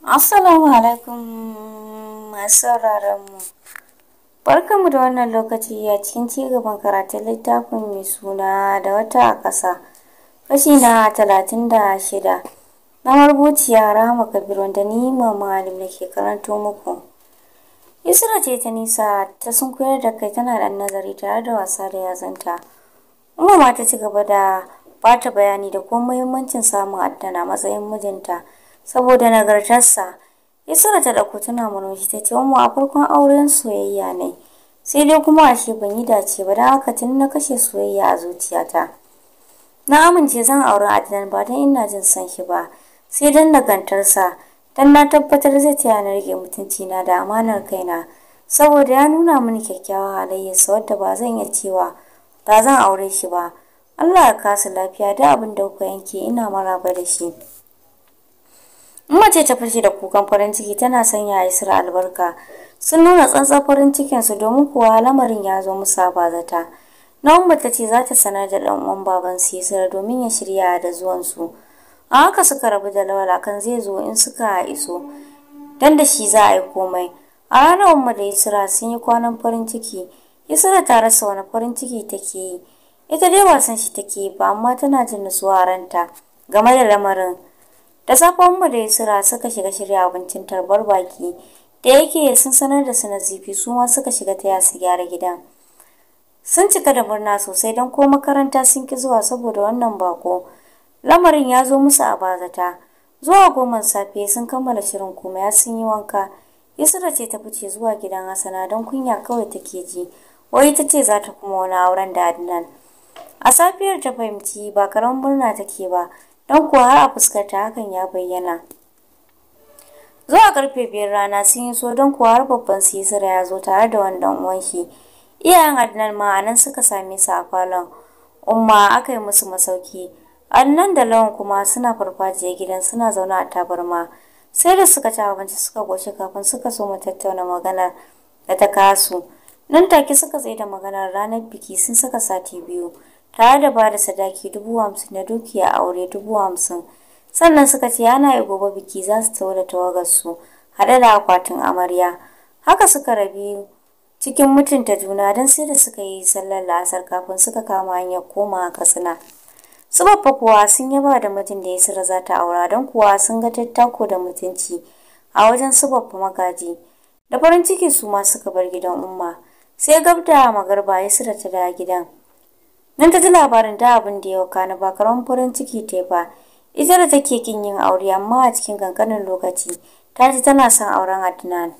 Assalamu alaikum masu mu. Barkanmu da wannan lokaci a cikin cigaban karatun littafin mai suna da wata a ƙasa. Kashi na talatin da shida na marubuciya Rama Kabir wanda ni malam da ke karanto muku. Isra ce ta nisa ta sun koyar da kai tana ɗan nazari tare da wasa da yazanta. Umma ma ta ci gaba da bata bayani da kuma muhimmancin samun addana matsayin mijinta. saboda nagartarsa ya ta da kotuna manoji ta ce wani a farkon auren soyayya ne sai dai kuma a ashe ban yi dace ba don haka tun na kashe soyayya a zuciyata na amince zan auri Adnan ba don ina jin son shi ba sai don nagantarsa don na tabbatar zai taya na rage mutunci na da amanar kaina saboda ya nuna mini kyakkyawan halayyarsa wadda ba zan iya cewa ba zan aure shi ba Allah ya kasa lafiya da abin da kuka yanke ina maraba da shi. mace ta fashe da kukan farin ciki tana sanya Isra albarka sun nuna tsantsan farin cikin su domin kuwa lamarin ya zo musu ba zata Na'umma ta ce za ta sanar da dan uwan baban su Isra domin ya shirya da zuwan su a haka suka rabu da lawala kan zai zo in suka iso dan da shi za a yi komai a ranar umma da Isra sun yi kwanan farin ciki Isra ta rasa wani farin ciki take yi ita dai wasan shi take ba amma tana jin nutsuwa ranta game da lamarin da safon mu da yasira suka shiga shirya abincin tarbar baki da yake sun sanar da su nazifi zifi su ma suka shiga taya su gyara gidan sun cika da murna sosai don ko makaranta sun ki zuwa saboda wannan bako lamarin ya zo musu a bazata zuwa goman safe sun kammala shirin kuma ya sun yi wanka yasira ce ta fice zuwa gidan hasana don kunya kawai take ji wai ta ce za ta kuma wani auren da adnan a safiyar ta fahimci ba karamin murna take ba don kuwa har a fuskarta hakan ya bayyana zuwa karfe biyar rana sun yi so don kuwa har babban sisira ya zo tare da wani wanki uwan shi iyayen adnan ma anan suka same su a falon umma aka yi musu masauki annan da lawan kuma suna farfajiyar gidan suna zaune a tabarma sai da suka ci abinci suka goshi kafin suka so mu tattauna maganar da ta kasu nan take suka tsaye da maganar ranar biki sun saka sati biyu tare da ba da sadaki dubu hamsin da dukiya aure dubu hamsin sannan suka ce ana yi gobe biki za su tawo da tawagarsu haɗe da akwatin amarya haka suka rabi cikin mutunta juna don sai da suka yi sallar la'asar kafin suka kama hanyar koma katsina su babba kuwa sun yaba da mijin da ya sira za ta aura don kuwa sun ga tattako da mutunci a wajen su babba magaji da farin ciki su ma suka bar gidan umma sai gabda magarba ya sira ta da gidan Nan ta ji labarin da abin da ya na ba karamin farin ciki ta ba. Ita da take kin yin aure amma a cikin kankanin lokaci ta ji tana son auren Adnan.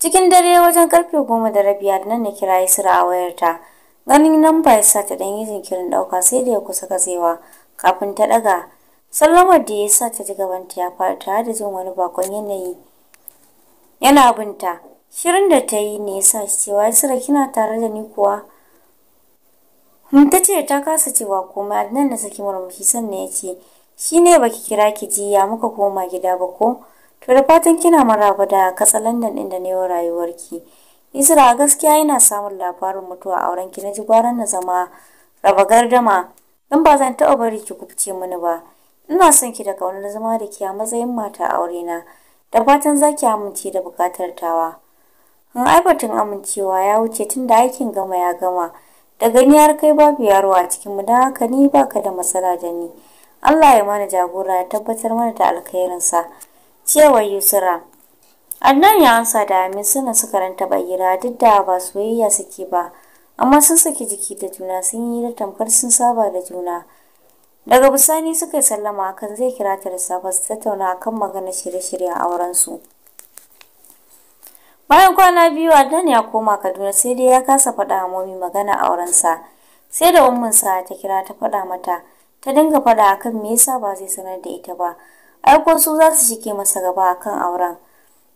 Cikin dare wajen karfe goma da rabi Adnan ya kira Isra a wayarta. Ganin nan ba sa ta ɗan yi jinkirin ɗauka sai da ya kusa gazewa kafin ta ɗaga Sallamar da ya sa ta ji gabanta ya fara tare da jin wani bakon yanayi. Yana binta, shirin da ta yi ne ya sa cewa Isra kina tare da ni kuwa. ta ce ta kasa cewa komai Adnan da saki murmushi sannan ya ce shi ne baki kira ki jiya, ya muka koma gida ba ko to da fatan kina maraba da katsalandan din da newa ki? Isra gaskiya yana samun labarin mutuwa a auren ki na ji na zama raba gardama dan ba zan taɓa bari ki kubce mini ba ina son ki da kaunar zama da ki a matsayin mata aure na da fatan zaki amince da bukatar tawa in aibatin amincewa ya wuce tunda aikin gama ya gama da gani har kai babu yaro a cikin mu don haka ni baka da matsala da ni Allah ya mana jagora ya tabbatar mana da alkhairinsa cewa Yusra Annan ya ansa da Amin suna suka ranta bayyana duk da ba soyayya suke ba amma sun saki jiki da juna sun yi da tamkar sun saba da juna daga bisani suka yi sallama akan zai kira ta da safa su tattauna akan magana shirye-shiryen aurensu. bayan kwana biyu Adnan ya koma Kaduna sai dai ya kasa faɗa wa mami magana aurensa sai da umminsa ta kira ta fada mata ta dinga fada akan me yasa ba zai sanar da ita ba ai su za su shike masa gaba akan auren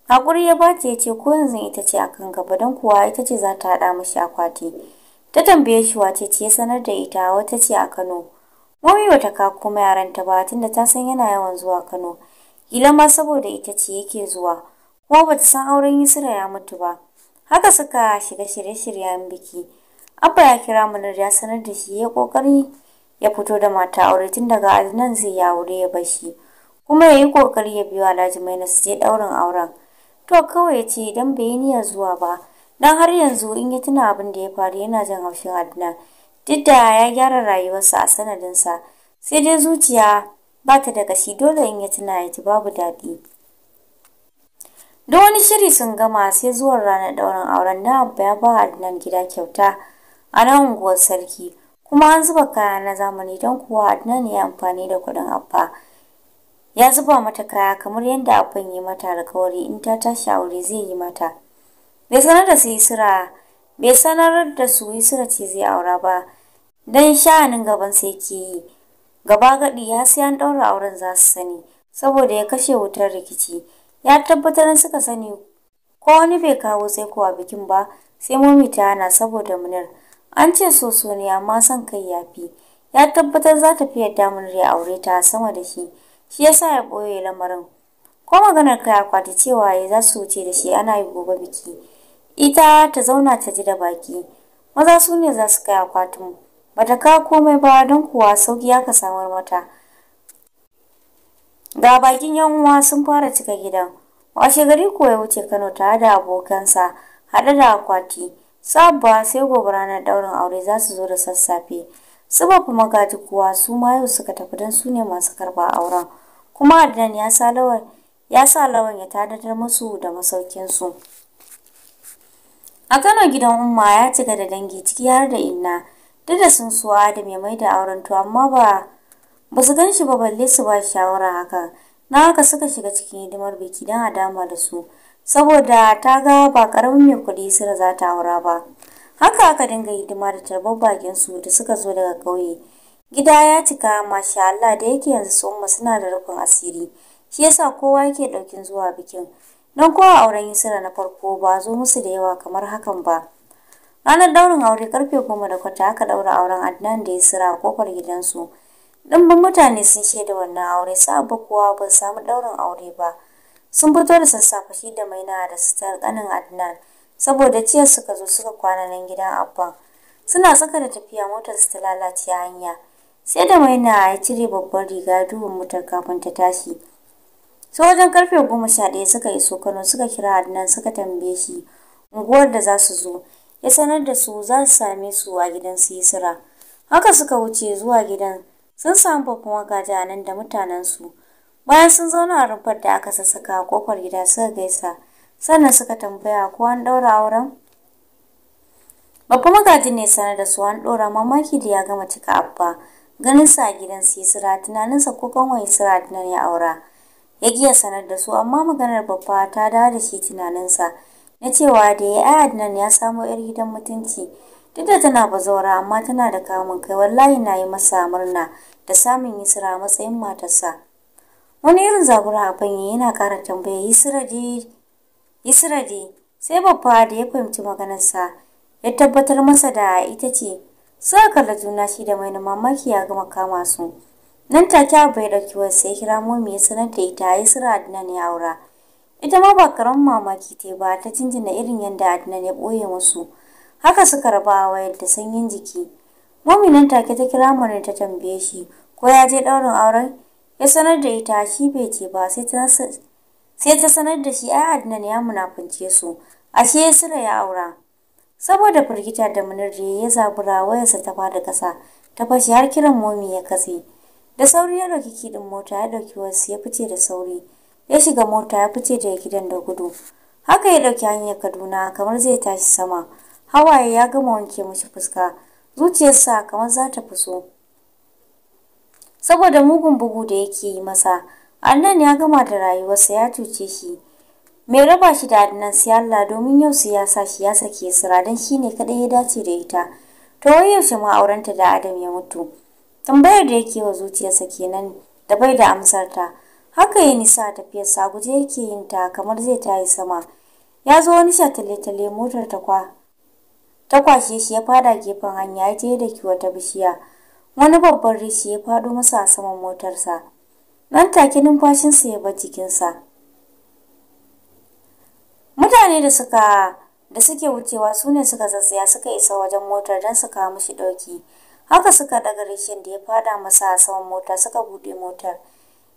hakuri ya bata yace ko yanzu ita ce akan gaba dan kuwa ita ce za ta haɗa mashi akwati ta tambaye shi wace ce sanar da ita wata ce a Kano mami wata ka kuma yaranta ba tunda ta san yana yawan zuwa Kano kila ma saboda ita ce yake zuwa ko ba ta san auren Yusra ya mutu ba. Haka suka shiga shirye-shiryen biki. Abba ya kira Munir ya sanar da shi ya kokari ya fito da mata aure tun daga Adnan zai ya aure ya bashi. Kuma ya yi kokari ya biyo Alhaji Maina su je ɗaurin auren. To kawai ya ce idan bai yi niyyar zuwa ba. Dan har yanzu in ya tuna abin da ya faru yana jin haushin Adnan. Duk da ya gyara rayuwarsa a sanadinsa. Sai dai zuciya ba ta da kashi dole in ya tuna ya ji babu daɗi. Da wani shiri sun gama sai zuwan ranar ɗaurin auren na Abba ya ba Adnan gida kyauta a nan unguwar sarki kuma an zuba kaya na zamani don kuwa Adnan ya amfani da kuɗin Abba. Ya zuba mata kaya kamar yadda Abban yi mata da kawari in ta tashi aure zai yi mata. Bai sanar da su sura, bai sanar da su sura ce zai aura ba don sha'anin gaban sai ke yi. Gaba gaɗi ya sai an ɗaura auren za su sani saboda ya kashe wutar rikici. ya tabbatar suka sani ko wani bai kawo sai kowa bikin ba sai momi ta hana saboda munir an ce soso ne amma son kai ya fi ya tabbatar za ta fi yadda munir ya aure ta sama da shi shi yasa ya ɓoye lamarin ko maganar kai kwata cewa ya za su wuce da shi ana yi gobe biki ita ta zauna ta ji da baki maza su ne za su kai akwatin bata kawo komai ba don kuwa sauki aka samar mata ga bakin yan uwa sun fara cika gidan washe gari ko ya wuce kano tare da abokansa hada da akwati sabba sai gobe ranar daurin aure za su zo da sassafe su magaji kuwa su ma yau suka tafi don su ne masu karba auren kuma adnan ya sa lawan ya sa lawan ya tadadar musu da masaukin su a kano gidan umma ya cika da dangi ciki har da inna duk da sun suwa da mai mai da auren to amma ba ba su gan shi ba balle su ba shawara haka na haka suka shiga cikin hidimar biki don a dama da su saboda ta ga ba karamin mai kuɗi sira za ta aura ba haka aka dinga hidima da tarbar bakin su da suka zo daga ƙauye gida ya cika masha Allah da yake yanzu su umma suna da rufin asiri shi yasa kowa yake ɗaukin zuwa bikin don kowa auren yusra na farko ba zo musu da yawa kamar hakan ba ranar daurin aure karfe goma da kwata aka daura auren adnan da yusra a kofar gidansu ɗanban mutane sun shaida wannan aure sa kuwa ba samu daurin aure ba sun fito da sassafe shi da maina da sitar kanin adnan saboda ciyar suka zo suka kwana nan gidan abban suna tsaka da tafiya motar su ta lalace hanya sai da maina ya cire babban riga duhun motar kafin ta tashi sai wajen karfe goma sha ɗaya suka iso kano suka kira adnan suka tambaye shi unguwar da za su zo ya sanar da su za su same su a gidan su yi sira haka suka wuce zuwa gidan sun samu babban wagaja nan da mutanensu bayan sun zauna a rumfar da aka sassaka a kofar gida suka gaisa sannan suka tambaya ko an ɗaura auren babban magajin ne sanar da su an ɗora mamaki da ya gama cika abba ganin sa a gidan su yi sira tunaninsa ko kanwai sira tunan ya aura ya giya sanar da su amma maganar babba ta dawo da shi tunaninsa na cewa da ya yi adnan ya samo yar gidan mutunci duk da tana bazaura amma tana da kamun kai wallahi na yi masa murna da samun Yisra a matsayin matarsa wani irin zabura a fanyi yana ƙara tambaya Yisra di." sai babba da ya fahimci maganarsa ya tabbatar masa da ita ce suka kalla juna shi da mai mamaki ya gama kama su nan ta kya bai ɗauki wasu ya kira momi ya sanar da ita Yisra Adnan ya aura ita ma ba karamin mamaki ta ba ta jinjina irin yadda Adnan ya ɓoye musu haka suka raba a wayar da sanyin jiki nan take ta kira mana ta tambaye shi ko ya je ɗaurin auren ya sanar da ita shi bai ce ba sai ta sai ta sanar da shi ai Adnan ya munafunce su ashe Sira ya aura saboda firgita da munirje ya zabura wayarsa ta fada kasa ta fashi har kiran momi ya katse da sauri ya dauki kidin mota ya dauki wasu ya fice da sauri ya shiga mota ya fice da gidan da gudu haka ya dauki hanyar Kaduna kamar zai tashi sama hawaye ya gama wanke mashi fuska zuciyarsa kamar za ta fuso saboda mugun bugu da yake yi masa annan ya gama da rayuwarsa ya cuce shi mai raba shi da adnan siyalla domin yau su siyasa shi ya sake sira don shi ne kaɗai ya dace da ita to wai yaushe ma da adam ya mutu tambayar da yake wa zuciyarsa kenan da bai da amsarta haka ya nisa tafiyarsa guje yake yin ta kamar zai tayi sama ya zo wani shataletale motar ta kwa ta kwashe shi ya fada gefen hanya ya je da ki wata bishiya wani babban rishi ya fado masa a saman motarsa nan take numfashinsa ya bar jikinsa mutane da suka da suke wucewa su ne suka zazzaya suka isa wajen motar don su kawo mishi ɗauki haka suka daga rishin da ya fada masa a saman mota suka buɗe motar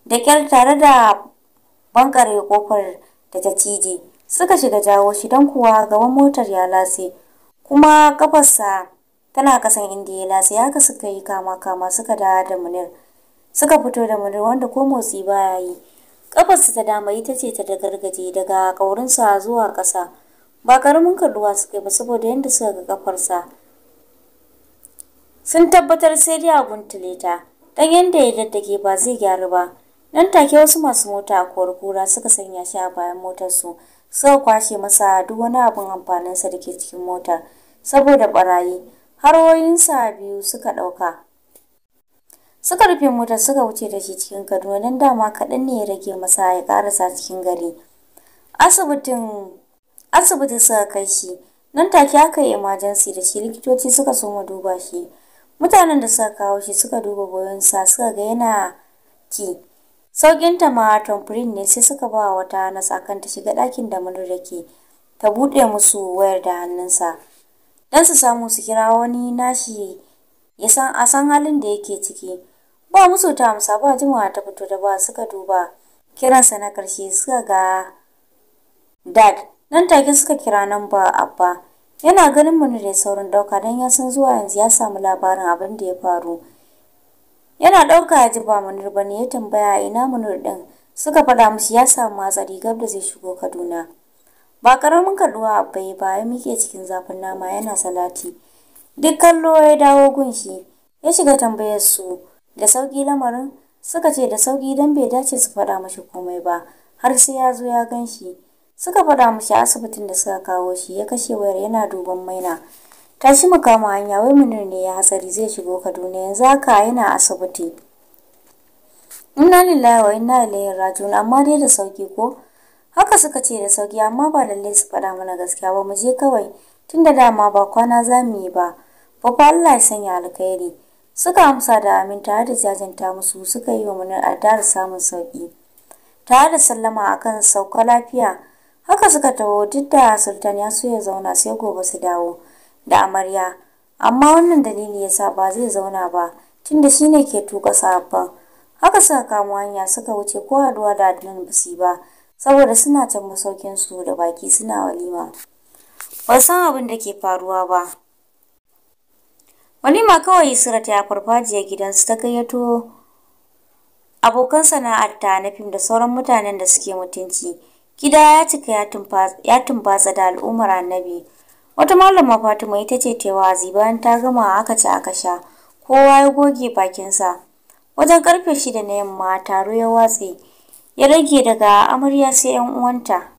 da ƙyar tare da bankare kofar da ta cije suka shiga jawo shi don kuwa gaban motar ya latse kuma kafarsa tana kasan inda ya lasa ya suka yi kama kama suka da da munir suka fito da munir wanda ko motsi baya yi kafarsa ta dama ita ce ta da gargaje daga kaurinsa zuwa ƙasa ba karamin kalluwa suka yi ba saboda yadda suka ga kafarsa sun tabbatar sai dai a guntule ta dan yadda ya daddake ba zai gyaru ba nan take wasu masu mota a kuwar kura suka sanya shi a bayan motarsu suka kwashe masa duk wani abin amfaninsa da ke cikin mota. saboda barayi sa biyu suka ɗauka suka rufe motar suka wuce da shi cikin kaduna don dama kaɗan ne ya rage masa ya karasa cikin gari asibitin asibiti suka kai shi nan take aka yi emergency da shi likitoci suka soma duba shi mutanen da suka kawo shi suka duba goyonsa suka ga yana ki saukin ta ma tamfurin ne sai suka ba wata nasa kan ta shiga dakin da mulu yake ta buɗe musu wayar da hannunsa don su samu su kira wani nashi ya san a san halin da yake ciki ba musu ta amsa ba jimawa ta fito da ba suka duba kiransa na karshe suka ga dad nan take suka kira nan ba abba yana ganin mu da saurin dauka don ya san zuwa yanzu ya samu labarin abin da ya faru yana dauka ya ji ba munir bane ya tambaya ina munir din suka faɗa musu ya samu hatsari gab da zai shigo kaduna ba karamin kaduwa bai ya ba ya muke cikin zafin nama yana salati duk kallo ya dawo gunshi ya shiga tambayar su da sauki lamarin suka ce da sauki dan bai dace su faɗa mashi komai ba har sai ya zo ya gan shi suka faɗa mashi asibitin da suka kawo shi ya kashe wayar yana duban maina tashi mu kama hanya wai munir ne ya hatsari zai shigo kaduna yanzu haka yana asibiti inna lillahi wa inna ilaihi raji'un amma dai da sauki ko haka suka ce da sauki amma ba lalle su faɗa mana gaskiya ba mu je kawai tunda dama ba kwana za mu yi ba babba Allah ya sanya alkhairi suka amsa da amin tare da jajanta musu suka yi wa munar addar samun sauki tare da sallama akan sauka lafiya haka suka taho duk da sultan ya so ya zauna sai gobe su dawo da amarya amma wannan dalili ya sa ba zai zauna ba tunda ne ke tuka sabon haka suka kamo hanya suka wuce ko haduwa da adnan basi ba saboda suna can masaukin su da baki suna walima ba san abin da ke faruwa ba walima kawai Isra ta farfajiya gidansu ta gayyato abokan sana'arta na fim da sauran mutanen da suke mutunci gida ya cika ya tumbatsa da al'ummar annabi wata malama fatima ita ce ta tewa bayan ta gama aka ci aka sha kowa ya goge bakinsa wajen karfe shida na yamma taro ya watse ya rage daga amarya sai 'yan uwanta.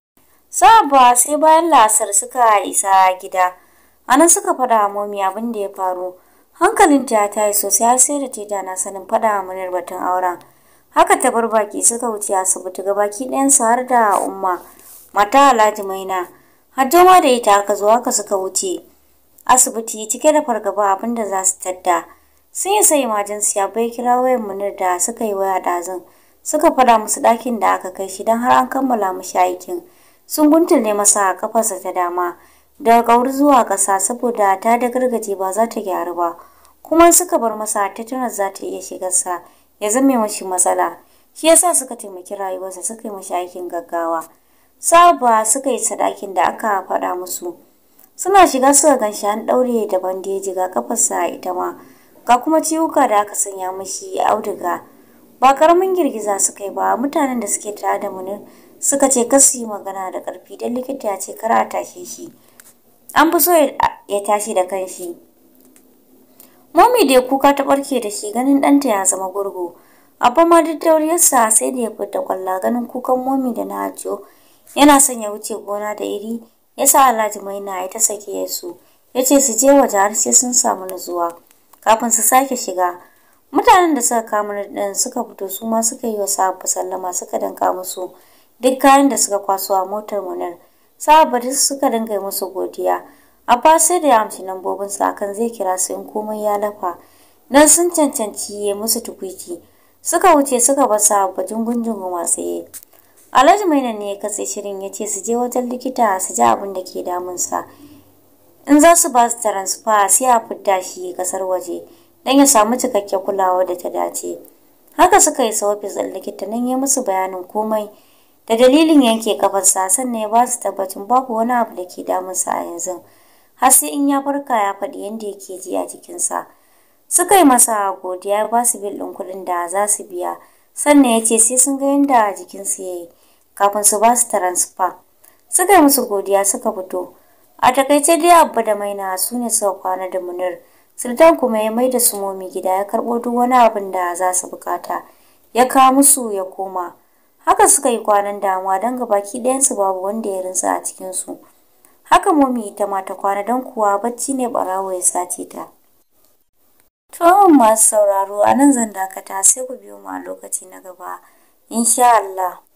Saba sai bayan lasar suka isa gida, anan suka fada momi abin da ya faru. Hankalin ta yi sosai har sai da ta dana sanin faɗa munir batun auren. Haka ta bar baki suka wuce asibiti ga baki ɗayansu har da umma, mata Alhaji Maina. Hajjo da ita aka zo haka suka wuce. Asibiti cike da fargaba abin da za su tadda. Sun yi sai majinsu ya bai kira wayan munir da suka yi waya ɗazun. suka fada musu ɗakin da aka kai shi don har an kammala mushi aikin sun guntule masa a kafarsa ta dama daga kauri zuwa ƙasa saboda ta da gargaje ba za ta gyaru ba kuma suka bar masa tunar za ta iya shigarsa ya zame mashi matsala shi yasa suka taimaki rayuwarsa suka yi mashi aikin gaggawa saba suka yi sadakin da aka faɗa musu suna shiga suka ganshi an ɗaure da bandeji ga kafarsa ita ma ga kuma ciwuka da aka sanya mashi auduga ba karamin girgiza suka yi ba mutanen da suke tare da ne suka ce ka su yi magana da karfi don likita ya ce kar a tashe shi an fi so ya tashi da kanshi momi da ya kuka ta barke da shi ganin ɗanta ya zama gurgu abba ma duk dauriyarsa sai da ya fita kwalla ganin kukan momi da na hajo yana son ya wuce gona da iri ya sa alhaji maina ya ta sake su ya ce su je waje har sai sun samu nutsuwa kafin su sake shiga mutanen da suka kama din suka fito su ma suka yi wa sahabba sallama suka danka musu duk kayan da suka kwaso a motar munar sahabba duk suka dinga musu godiya abba sai da ya amshi lambobin su akan zai kira su in komai ya lafa dan sun cancanci ya musu tukwiki suka wuce suka bar sahabu gungungun a tsaye alhaji maina ne ya katse shirin ya ce su je wajen likita su ji abin da ke damunsa in za su ba su taransifa sai a fidda shi kasar waje don ya samu cikakken kulawa da ta dace haka suka yi sa ofis ɗin likita nan ya musu bayanin komai da dalilin yanke kafarsa sannan ya ba su tabbacin babu wani abu da ke damunsa a yanzu har sai in ya farka ya faɗi yadda yake ji a jikinsa suka yi masa godiya ya ba su bil ɗin kuɗin da za su biya sannan ya ce sai sun ga a jikinsu ya yi kafin su ba su transfer suka yi musu godiya suka fito a takaice dai abba da maina su ne suka kwana da munir sirdan kuma ya mai da momi gida ya karbo duk wani abin da za su bukata ya ka musu ya koma haka suka yi kwanan damuwa don gabaki ɗayansu babu wanda ya rinsa a cikinsu haka momi ita ma ta kwana don kuwa bacci ne barawo ya sace ta to masu sauraro a nan zan dakata sai ku biyo mu a lokaci na gaba insha Allah